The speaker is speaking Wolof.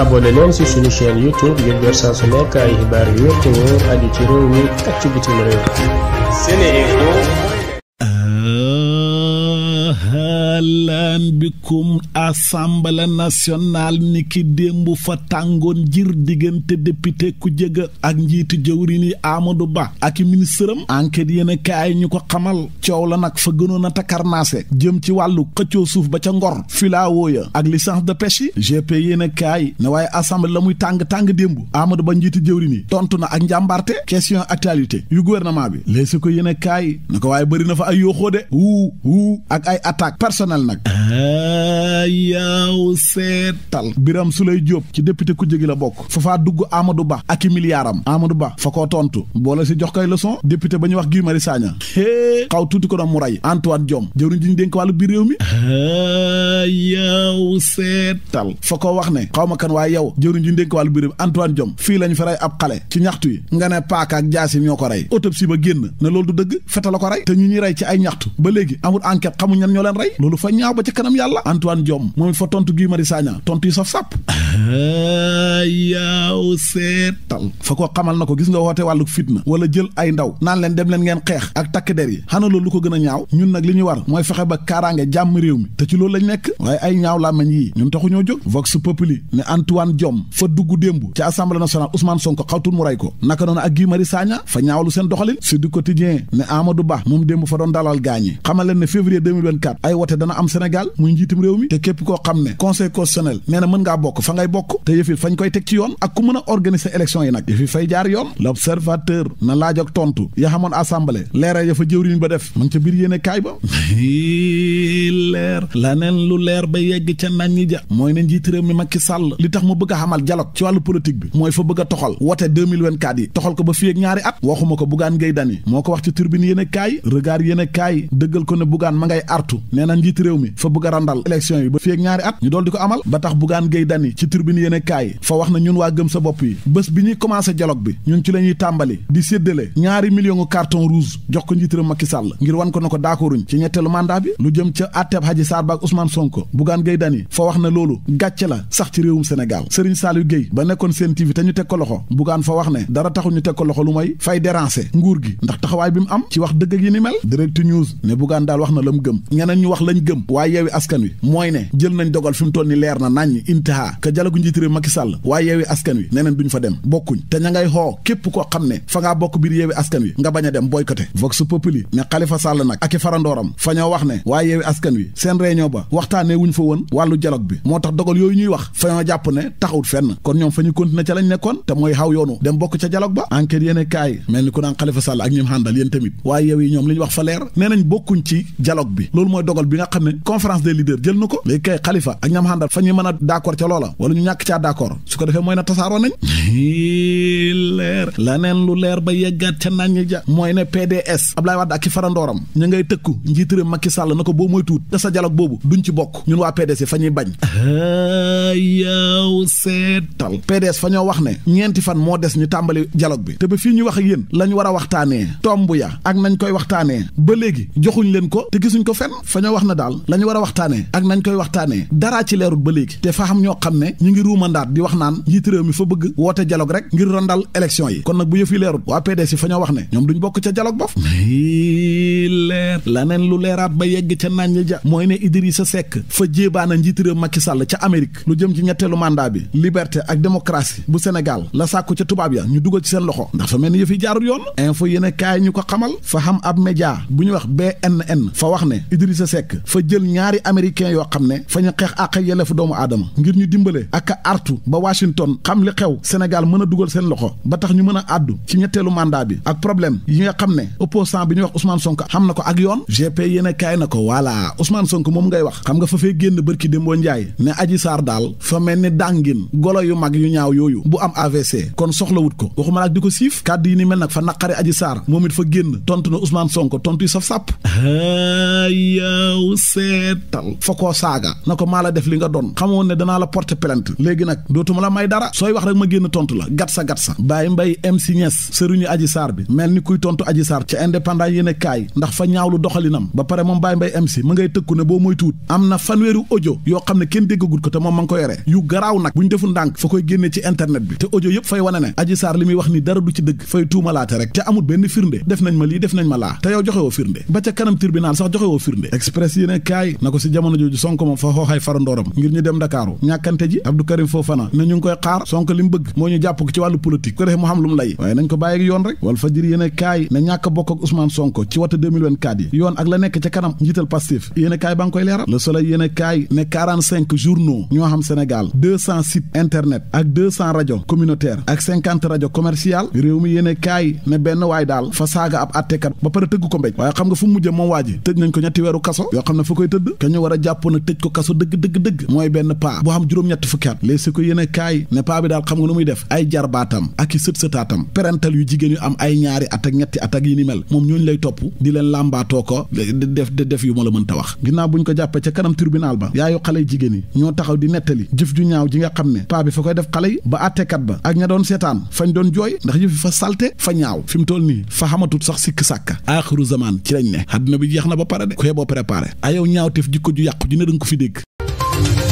abonné leen ci suñu chaîne YouTube ngir jot saa su nekk ay xibaar yu mi ak ci bitim ahlan bikum assemblée nationale ni ki démb fa tàngoon jir diggante député ku jëga ak njiitu jëwrin yi Amadou Ba ak ministre am enquête yéen a kaay ñu ko xamal coow la nag fa gënoon a takarnaase jëm ci wàllu xëccoo suuf ba ca ngor filaawoo ya ak licence de pêche yi gp yéen a ne waaye assemblée la muy tàng-tàng démb Amadou Ba njiitu jëwrin yi tontu na ak njàmbaarte question actualité yu gouvernement bi léegi ko yéen na ko waaye bëri na fa ay yooxoo de wuu national nag yaaw seetal Biram sulay Diop ci député ku jégi la bokk fa faa dugg Amadou Ba ak i miliyaaram Amadou Ba fa koo tontu boole si jox koy leçon député ba ñuy wax Guy Marius Sagna xaw tuuti ko doon mu rey Antoine Diome jëwriñ ji ñu dénk wàllu biir réew mi yaaw seetal fa ko wax ne xaw ma kan waaye yow jëwriñ ji ñu dénk wàllu biir réew fii lañu fa rey ab xale ci ñaxtu yi nga ne paaka ak jaasi ñoo ko rey si ba génn na loolu du dëgg feta la ko rey ñu ñuy rey ci ay ñaxtu ba léegi amul enquête xamuñ fa ñaaw ba ci kanam yàlla Antoine Diome moom it fa tontu Guy Marius Sagna tontu yi saf sàpp yaaw seetal fa ko xamal na ko gis nga woote wàllu fitna wala jël ay ndaw naan leen dem leen ngeen xeex ak takk der yi xana loolu lu ko gën a ñaaw ñun nag li ñuy war mooy fexe ba kaaraange jàmm réew mi te ci loolu lañ nekk waaye ay ñaaw làmmiñ yi ñun taxu ñoo jóg vox populi ne Antoine Diome fa dugg démb ci assemblée nationale Ousmane Sonko xawtul mu ray ko naka noonu ak Guy Marius Sagna fa ñaawlu seen doxalin Sud Quotidien ne Amadou Ba moom démb fa doon dalal gaañi xamal leen ne février 2024 ay wote dana am Sénégal muy njiitum réew mi te képp koo xam ne conseil constitutionnel nee bokk bokk te yëfi fañ koy teg ci yoon ak ku mën a organiser élection yi nag yëfi fay jaar yoon l'observateur na laaj ak tontu ya xamoon assemblée leera ya fa jëwriñ ba def man ca biir yéene kaay ba leer la neen lu leer ba yegg ca nañ ñi ja mooy ne njiit réew mi Macky Sall li tax mu bëgg a xamal dialogue ci wàllu politique bi mooy fa bëgg toxal wote 2024 yi toxal ko ba fii ak ñaari at waxuma ko Bougane Gueye Dany moo ko wax ci turbine yéene kaay regard yéene tribune yéen a kaay fa wax na ñun waa gëm sa bopp yi bés bi ñuy commencé dialogue bi ñun ci la tàmbali di séddale ñaari million carton rouge jox ko njiitaram Macky Sall ngir wan ko na ko daakoruñ ci ñetteelu mandat bi lu jëm ca atteb Hadji Sarr ba ak Ousmane Sonko Bougane Gueye Dany fa wax na loolu gàcce la sax ci réewum Sénégal Serigne Saliou Gueye ba nekkoon seen TV te ñu teg ko loxo Bougane fa wax ne dara taxu ñu teg ko loxo lu may fay déranger dëgg ak yi ni mel direct news la mu gëm ñeneen ñu wax lañ gëm waaye yeewi askan dialogue njiit réew Macky Sall waaye yeewi askan wi neneen duñ fa dem bokkuñ te ña ngay xoo képp koo xam ne fa ngaa bokk biir yeewi askan wi nga bañ a dem boycotté vox populi ne Khalifa Sall nag ak i farandooram fa ñoo wax ne waaye yeewi askan wi seen réunion ba waxtaanee wuñ fa woon wàllu dialogue bi moo tax dogal yooyu ñuy wax fa ñoo jàpp ne taxawut fenn kon ñoom fa ñu continuer ca lañ nekkoon te mooy xaw yoonu dem bokk ca dialogue ba enquête yéene kaay mel ni ku naan Khalifa Sall ak ñim xàndal yéen tamit waaye yeew yi ñoom li bi loolu xam ne conférence des leaders jël na ko léegi kay Khalifa ak ñam xàndal fa ñuy wala ñu ñàkk caa d'accord su ko defee mooy na tasaaroo nañ leer la neen lu leer ba yeggaat ca nañ ja mooy ne PDS Ablaye Wade ak ki farandooram ñu ngay tëkku njiit réew Macky Sall na ko boo mooy tuut te sa dialogue boobu duñ ci bokk ñun waa PDS fa ñuy bañ ah, yow seetal PDS fa ñoo wax ne ñeenti fan moo des ñu tàmbali dialogue bi te ba fii ñuy wax ak yéen lañ war a waxtaanee tomb ya ak nañ koy waxtaanee ba léegi joxuñ leen ko te gisuñ ko fenn fa ñoo wax na daal lañ war a waxtaanee ak nañ koy waxtaanee daraa ci leerul ba léegi te ñoo xam ne ñu ngi ruumandaat di wax naan njiitu réew mi fa bëgg woote dialogue rek ngir randal élection yi kon nag bu yëf yi leerut waa PDS yi fa ñoo wax ne ñoom duñ bokk ca dialogue bof leer laneen lu leeraat ba yegg ca naan ja mooy ne sa Seck fa jéebaana njiitu réew Macky ca Amérique lu jëm ci ñetteelu mandat bi liberte ak démocratie bu Sénégal la sàkku ca tubaab ya ñu dugal ci seen loxo ndax fa mel ni yëf yi jaarul yoon info yéen kaay ñu ko xamal fa xam ab média bu ñu wax BNN fa wax ne Idrissa Seck fa jël ñaari américain yoo xam ne fa ñu xeex àq yelleefu doomu aadama ngir ñu dimbale ak artu ba Washington xam li xew Sénégal mën a dugal seen loxo ba tax ñu mën a àddu ci ñetteelu mandat bi ak problème yi nga xam ne opposant bi ñuy wax Ousmane sonk xam na ko ak yoon GP yéene kaay na ko voilà usmaan sonk moom ngay wax xam nga fa fee génn bërki démboo Njaay ne Adji Sarr daal fa mel ni dàngin golo yu mag yu ñaaw yooyu bu am AVC kon soxlawut ko waxuma laak di ko siif kàdd yi ni mel nag fa naqari Adji Sarr moom it fa génn tontu na Ousmane Sonko tontu yi saf sàpp ah, yow na ko la def li nga doon xamoon ne danaa la porter plainte léegi nag dootuma la may dara sooy wax rek ma génn tontu la gat sa baay mbay Baye Mbaye MC Niass sëriñu Adji Sarr bi mel ni kuy tontu Adji Sarr ca indépendant yéene kaay ndax fa ñaawlu doxalinam ba pare moom Baye Mbaye MC ma ngay tëkku ne boo mooy tuut am na fanweeri ojo yoo xam ne kenn déggagul ko te moom ma ngi ko yoree yu garaaw nag bu ñu deful ndànk fa koy génnee ci internet bi te audio yëpp fay wane ne Adji Sarr li muy wax ni dara du ci dëgg fay tuumalaate rek te benn firnde def nañ ma lii def nañ ma laa te yow joxe ba ca kanam tribunal sax joxe woo firnde express yéene kaay na ko si jamono jooju Sonko moom fa xooxay farandooram ñu dem Dakaaru ñàkkante ji Abdou Karim Fofana ne ñu ngi koy xaar Sonko li mu bëgg moo ñu jàpp ko ci wàllu politique ko mu xam lu lay waaye nañ ko bàyyi yoon rek wal fajiri yéen kaay ne ñàkk bokk ak Ousmane Sonko ci wata 2024 yi yoon ak la nekk ca kanam njiital Pastef yéen kaay ba nga koy leeral le soleil yéen kaay ne 45 ñoo xam Sénégal 200 internet ak rajo communautaire ak rajo commercial réew mi yéen kaay ne benn waay daal fa saaga ab attekat ba pare tëgg ko mbéj waaye na tëj ko fukki at léeg si ko yéen a kaay ne paa bi daal xam nga nu muy def ay jarbaatam ak i sët sëtaatam yu jigéen yu am ay ñaari at ak ñetti at ak yi ni mel moom ñooñu lay topp di leen làmbaatoo ko def def yu ma la mënta wax ginnaaw bu ñu ko jàppee ca kanam tribunal ba yaayu xale jigéen yi ñoo taxaw di nettali jëf ju ñaaw ji nga xam ne paa bi fa koy def xale yi ba àtteekat ba ak ña doon seetaan fañ doon jooy ndax yëf fa salte fa ñaaw fi mu toll nii fa xamatut sax sikk sàkka aaxiru zamaan ci lañ ne àdduna bi jeex na ba pare de ku yeboo préparé ayow ñaawteef jikko ju yàqu ju ne danga ko fi dégg